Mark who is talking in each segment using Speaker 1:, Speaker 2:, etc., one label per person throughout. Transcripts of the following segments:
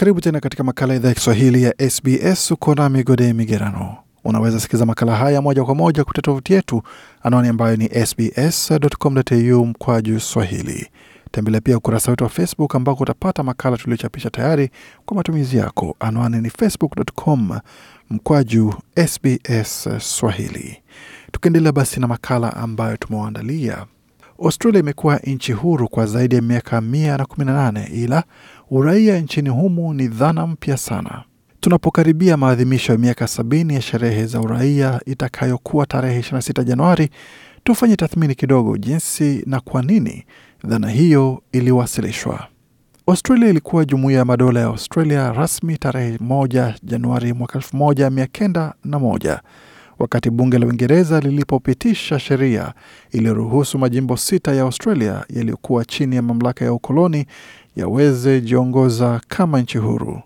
Speaker 1: Karibu tena katika makala idhaa ya Kiswahili ya SBS. Uko na Migode Migerano. Unaweza sikiliza makala haya moja kwa moja kupitia tovuti yetu, anwani ambayo ni sbs.com.au mkwaju swahili. Tembelea pia ukurasa wetu wa Facebook ambako utapata makala tuliochapisha tayari kwa matumizi yako. Anwani ni facebook.com mkwaju SBS Swahili. Tukiendelea basi na makala ambayo tumewaandalia, Australia imekuwa nchi huru kwa zaidi ya miaka mia na kumi na nane ila Uraia nchini humu ni dhana mpya sana. Tunapokaribia maadhimisho ya miaka sabini ya sherehe za uraia itakayokuwa tarehe 26 Januari, tufanye tathmini kidogo jinsi na kwa nini dhana hiyo iliwasilishwa. Australia ilikuwa jumuiya ya madola ya Australia rasmi tarehe 1 Januari mwaka 1901 wakati bunge la Uingereza lilipopitisha sheria iliyoruhusu majimbo sita ya Australia yaliyokuwa chini ya mamlaka ya ukoloni yaweze jiongoza kama nchi huru,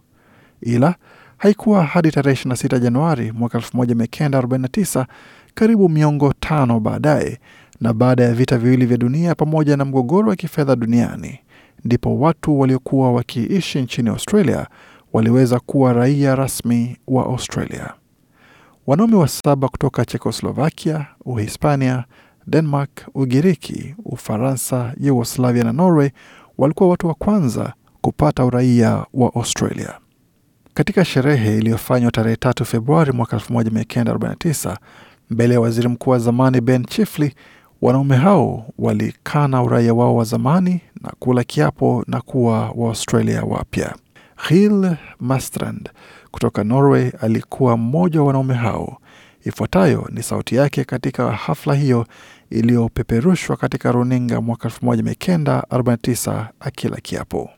Speaker 1: ila haikuwa hadi tarehe 26 Januari mwaka 1949 karibu miongo tano baadaye, na baada ya vita viwili vya dunia pamoja na mgogoro wa kifedha duniani, ndipo watu waliokuwa wakiishi nchini Australia waliweza kuwa raia rasmi wa Australia. Wanaume wa saba kutoka Chekoslovakia, Uhispania, Denmark, Ugiriki, Ufaransa, Yugoslavia na Norway walikuwa watu wa kwanza kupata uraia wa Australia. Katika sherehe iliyofanywa tarehe 3 Februari mwaka 1949 mbele ya waziri mkuu wa zamani Ben Chifley, wanaume hao walikana uraia wao wa zamani na kula kiapo na kuwa Waaustralia wapya. hil Mastrand kutoka Norway alikuwa mmoja wa wanaume hao. Ifuatayo ni sauti yake katika hafla hiyo iliyopeperushwa katika runinga mwaka 1949 akila kiapo.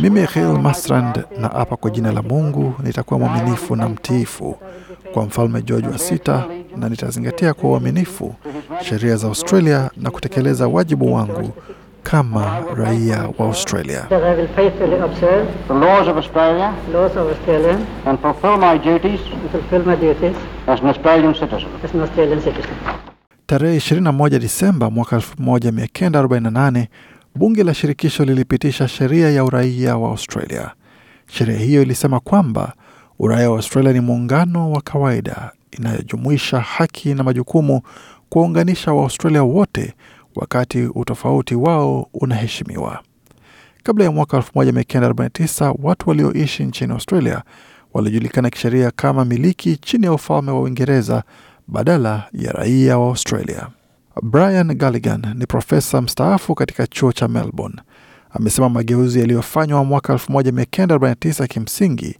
Speaker 1: Mimi Hil Masrand na hapa kwa jina la Mungu nitakuwa mwaminifu na mtiifu kwa mfalme George wa sita na nitazingatia kwa uaminifu sheria za Australia na kutekeleza wajibu wangu kama raia wa Australia. Tarehe 21 Disemba mwaka 1948 bunge la shirikisho lilipitisha sheria ya uraia wa Australia. Sheria hiyo ilisema kwamba uraia wa Australia ni muungano wa kawaida inayojumuisha haki na majukumu kuwaunganisha Waaustralia wote wakati utofauti wao unaheshimiwa. Kabla ya mwaka 1949 watu walioishi nchini Australia walijulikana kisheria kama miliki chini ya ufalme wa Uingereza badala ya raia wa Australia. Brian Galligan ni profesa mstaafu katika chuo cha Melbourne. Amesema mageuzi yaliyofanywa mwaka 1949 kimsingi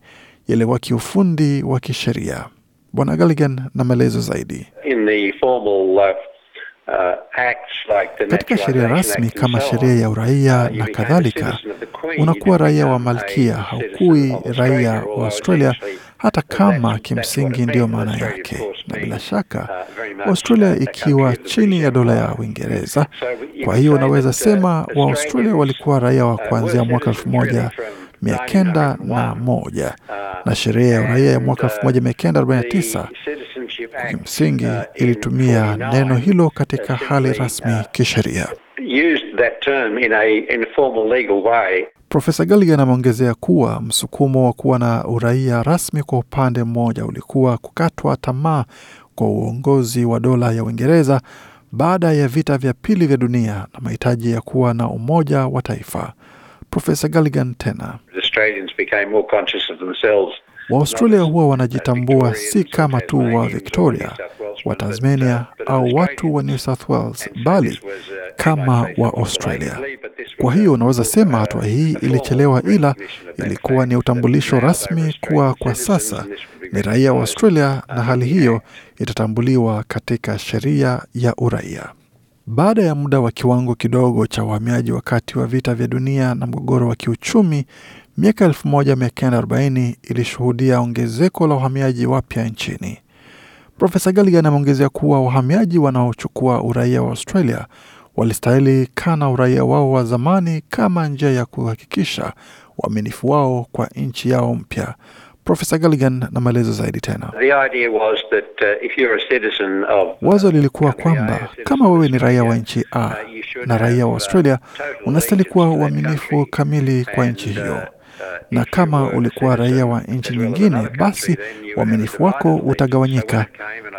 Speaker 1: yalikuwa kiufundi wa kisheria. Bwana Galligan na maelezo zaidi. In the formal uh, Uh, Katika sheria rasmi kama sheria ya uraia uh, na kadhalika, unakuwa raia wa Malkia, haukui raia wa Australia hata kama kimsingi ndiyo maana yake. Na bila shaka uh, Australia ikiwa chini ya dola ya Uingereza, kwa hiyo unaweza sema Waaustralia walikuwa raia wa kuanzia mwaka elfu moja mia kenda na moja na sheria ya uraia ya mwaka elfu moja mia kenda arobaini na tisa kimsingi ilitumia neno hilo katika hali rasmi kisheria. Profesa Galligan ameongezea kuwa msukumo wa kuwa na uraia rasmi kwa upande mmoja ulikuwa kukatwa tamaa kwa uongozi wa dola ya Uingereza baada ya vita vya pili vya dunia na mahitaji ya kuwa na umoja wa taifa. Profesa Galligan tena Waaustralia huwa wanajitambua si kama tu wa Victoria, wa Tasmania au watu wa New South Wales, bali kama wa Australia. Kwa hiyo unaweza sema hatua hii ilichelewa, ila ilikuwa ni utambulisho rasmi kuwa kwa sasa ni raia wa Australia, na hali hiyo itatambuliwa katika sheria ya uraia. Baada ya muda wa kiwango kidogo cha uhamiaji wakati wa vita vya dunia na mgogoro wa kiuchumi, Miaka 1940 ilishuhudia ongezeko la uhamiaji wapya nchini. Profesa Gallagher ameongezea kuwa wahamiaji wanaochukua uraia wa Australia walistahili kana uraia wao wa zamani kama njia ya kuhakikisha uaminifu wao kwa nchi yao mpya. Profesa Galligan na maelezo zaidi tena. Wazo lilikuwa kwamba kama wewe ni raia wa nchi A uh, na raia wa Australia, uh, unastahili kuwa uaminifu kamili kwa nchi uh, hiyo na kama ulikuwa raia wa nchi nyingine, basi uaminifu wako utagawanyika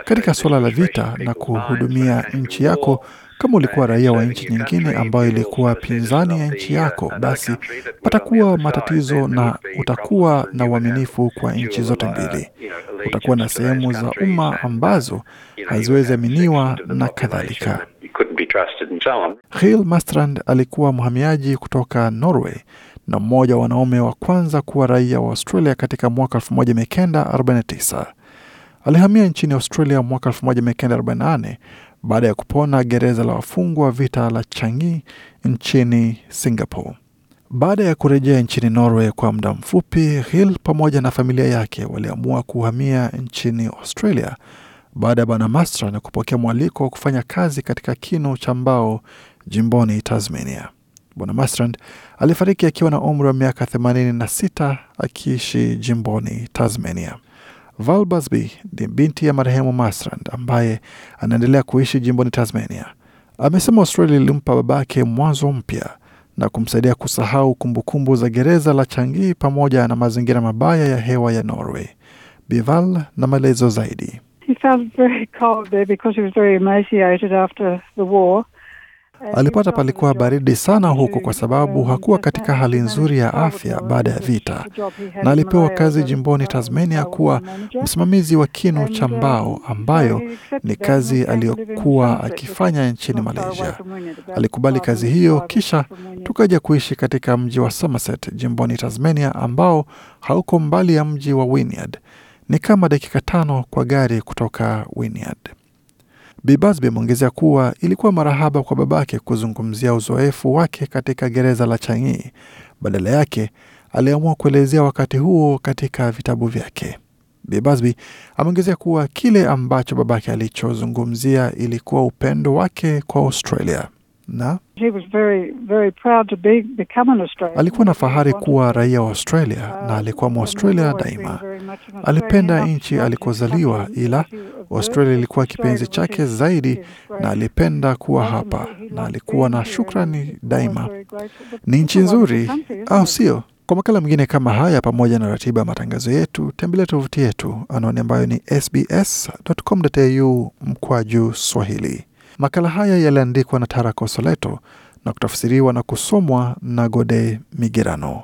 Speaker 1: katika suala la vita na kuhudumia nchi yako. Kama ulikuwa raia wa nchi nyingine ambayo ilikuwa pinzani ya nchi yako, basi patakuwa matatizo, na utakuwa na uaminifu kwa nchi zote mbili. Utakuwa na sehemu za umma ambazo haziwezi aminiwa na kadhalika. Hill Mastrand alikuwa mhamiaji kutoka Norway na mmoja wa wanaume wa kwanza kuwa raia wa Australia katika mwaka 1949. Alihamia nchini Australia mwaka 1948 baada ya kupona gereza la wafungwa vita la Changi nchini Singapore. Baada ya kurejea nchini Norway kwa muda mfupi, Hill pamoja na familia yake waliamua kuhamia nchini Australia baada ya Bwana na kupokea mwaliko wa kufanya kazi katika kinu cha mbao jimboni Tasmania. Bwana Mastrand alifariki akiwa na umri wa miaka 86 akiishi jimboni Tasmania. Val Busby ni binti ya marehemu Mastrand ambaye anaendelea kuishi jimboni Tasmania. Amesema Australia ilimpa babake mwanzo mpya na kumsaidia kusahau kumbukumbu za gereza la Changi pamoja na mazingira mabaya ya hewa ya Norway. Bival na maelezo zaidi. He felt very cold there because he was very emaciated after the war. Eh, alipata palikuwa baridi sana huko kwa sababu hakuwa katika hali nzuri ya afya baada ya vita, na alipewa kazi jimboni Tasmania kuwa msimamizi wa kinu eh, cha mbao, ambayo ni kazi aliyokuwa eh, akifanya nchini Malaysia. Alikubali kazi hiyo, kisha tukaja kuishi katika mji wa Somerset jimboni Tasmania, ambao hauko mbali ya mji wa Wynyard, ni kama dakika tano kwa gari kutoka Wynyard. Bi Busby ameongezea kuwa ilikuwa marahaba kwa babake kuzungumzia uzoefu wake katika gereza la Changi. Badala yake aliamua kuelezea wakati huo katika vitabu vyake. Bi Busby ameongezea kuwa kile ambacho babake alichozungumzia ilikuwa upendo wake kwa Australia na very, very be, alikuwa na fahari kuwa raia wa Australia na alikuwa Mwaustralia daima. Uh, Alipenda nchi alikozaliwa, ila Australia ilikuwa kipenzi chake zaidi na alipenda kuwa hapa na alikuwa na shukrani daima. Ni nchi nzuri, au sio? Kwa makala mengine kama haya pamoja na ratiba ya matangazo yetu, tembelea tovuti yetu anaoni ambayo ni sbs.com.au mkwa juu Swahili. Makala haya yaliandikwa na Tara Kosoleto na kutafsiriwa na kusomwa na Gode Migerano.